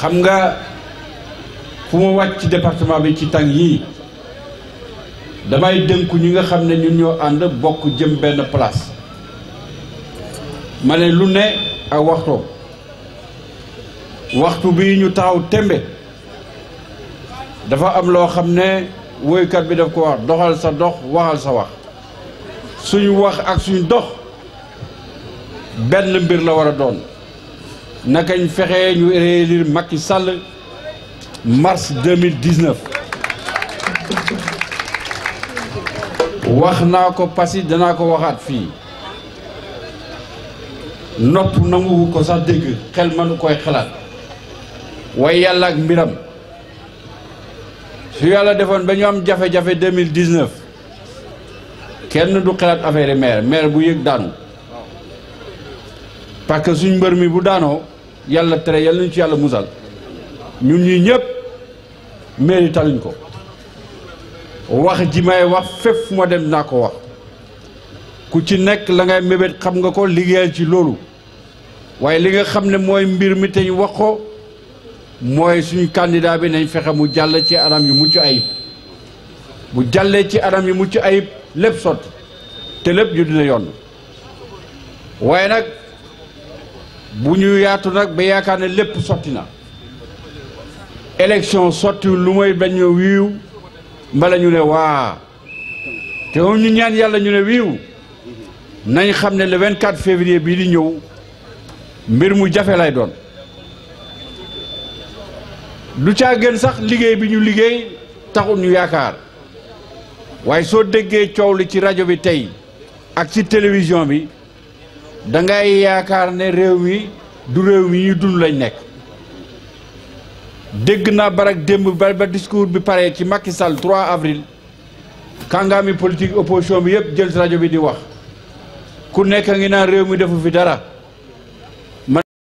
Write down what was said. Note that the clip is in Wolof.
xam nga fu ma wàcc ci département bi ci tàng yii damay dénku ñi nga xam ne ñun ñoo ànd bokk jëm benn place ma ne lu ne ak waxtoo waxtu bi ñu taxaw tembe dafa am loo xam ne woykat bi daf ko wax doxal sa dox waxal sa wax suñu wax ak suñu dox benn mbir la war a doon nakañ fexe ñu réélire Macky Sall mars 2019 wax naa ko pasi danaa ko waxaat fii nopp nanguwu ko sax dégg xel mënu koy xalaat waaye yàlla ak mbiram su yàlla defoon ba ñu am jafe-jafe 2019 kenn du xalaat affaire maire maire bu yëg daanu parce suñu mbër mi bu daanoo yàlla tere yàlla nañ ci yàlla musal ñun ñi ñëpp mairie taluñ ko wax ji may wax fépp fu dem naa ko wax ku ci nekk la ngay mébét xam nga ko liggéeyal ci loolu waaye li nga xam ne mooy mbir mi te ñu wax ko mooy suñu candidat bi nañ fexe mu jàll ci anam yu mucc ayib bu jàllee ci anam yu mucc ayib lépp sot te lépp ju dina yoon waaye nag bu ñu yaatu nag ba yaakaar ne lépp sotti na élection sottiwul lu mooy bañ ñu wiiw mbala ñu ne waa te moom ñu ñaan yàlla ñu ne wiiw nañ xam ne le 24 février bii di ñëw mbir mu jafe lay doon du caa gën sax liggéey bi ñu liggéey taxul ñu yaakaar waaye soo déggee coow li ci rajo bi tey ak ci télévision bi dangay yaakaar ne réew mi du réew mi ñu dund lañ nekk dégg naa barak démb ba ba discours bi pare ci Macky Sall 3 avril kàngaami politique opposition bi yëpp jël rajo bi di wax ku nekk a ngi naan réew mi defu fi dara